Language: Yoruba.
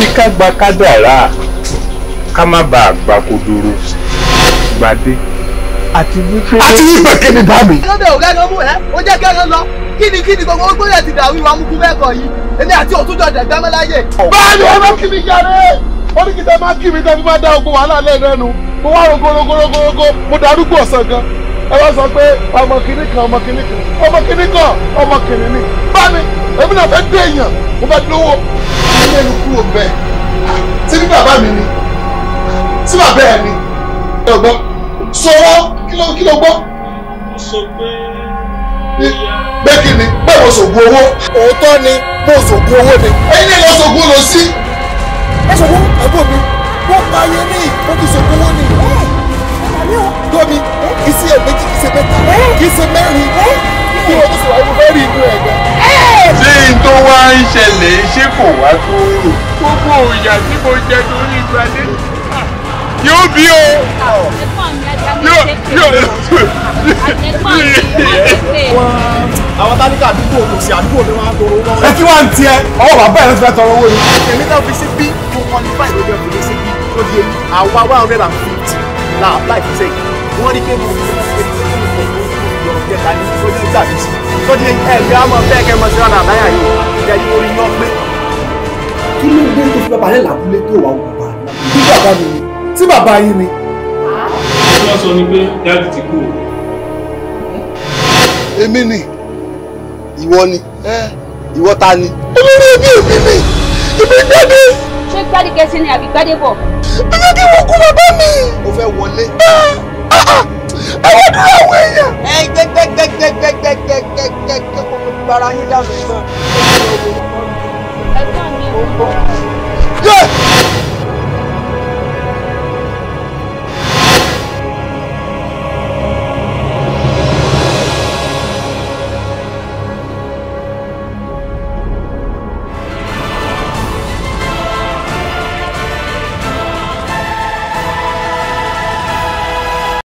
àfi ká gba kádàrá ká má bàa gbà kodoro gbadé àti wípé. àti wípé kí ni bá mi. ẹlọ́dẹ̀ ò rẹ́ran mú ẹ́ ó jẹ́ kẹ́ran lọ kí ni kí ni gbogbo ó gbóyè ti dàrú ìwà amúkú mẹ́kọ̀ yìí èmi àti òtújọ dẹ̀gbẹ́ mẹ́láyè. báyọ̀ ẹ má kí mi yàrá ó ní kí tẹ má kí mi tẹ fi má dá ogun wàhálà lẹ́ẹ̀rẹ́nu mo wá rogorogorogorogo mo darúgbó ọ̀sán gan ẹ wá sọ pé ọmọ kìnnì kan ọmọ kìnnì kan ọmọ kìnnì kan ọmọ kìnnì ni bá mi èmi náà fẹ́ dé èèyàn mo fẹ́ lówó lẹ́nu kúrò bẹ́ẹ̀ tí bí bàbá mi ni tí bàbá ẹ ni ẹ gbọ́ sọ̀rọ̀ kí ló kí ló gbọ́. mo sọ pé. bẹ́ẹ̀ kí ni bẹ́ẹ̀ mo sògùn owó. òótọ́ ni mo sògùn owó ni. ẹyin ni mo sògùn lọ sí. ẹ sọ fún ẹ̀gbọ́n mi wọ́n pa ayé ní mo sògùn owó ni. tóbi kì ṣe èméjì kì ṣe mẹ́ta eh? kì ṣe mẹ́rin eh? kí ni mo sọ àwọn ọmọ fẹ́ rí ń ṣẹlẹ̀ ṣé kò wá tó rò. gbogbo òòyà tí mo jẹ lórí ìgbàdé yóò bí o. àwọn táníkà àdúgbò òkùnsì àdúgbò ló máa ń tọrọ owó. ẹ kí wàá ń tiẹ ọwọ́ bàbá ẹ ló ti fẹ́ tọrọ owó yìí. èmi náà fi sí bí mo kọ́ ní báyìí lóde ọkùnrin sí bí ó di èyí àwa one hundred and fifty la apply fi sẹ́yìn wọ́n rí pé mo ní wọ́n fi ṣe ìfọ̀kọ́ ìjọba ìjọba ní sójú ìgbà mi sí. sọ́dí ẹ̀rí àmọ́ bẹ́ẹ̀ kẹ́ mọ́ sí ọ̀nà àbáyà yìí ìyá yìí orin náà pé kí ló dé tó fi bàbá rẹ̀ làbúlé tó wà wọ bàbá rẹ̀ bí bàbá mi ni tí bàbá yín ni. ó lọ sọ ni pé dáàdì ti kú o. èmi ni ìwọ ni ìwọ ta ni. olórí ẹbí èmi ni ìbí gbádé. ṣé gbádé kẹsí ni àbí gbádé bọ̀. ẹ jẹ́ kí wọ́n kú bàbá mi. mo fẹ́ wọlé. Ah, ah, ah. ẹ wọ́n dúró àwọn èèyàn. ẹ gbẹgbẹgbẹgbẹgbẹgbẹgbẹgbẹ bára yín dá sùn ẹ̀gbọ́n mi.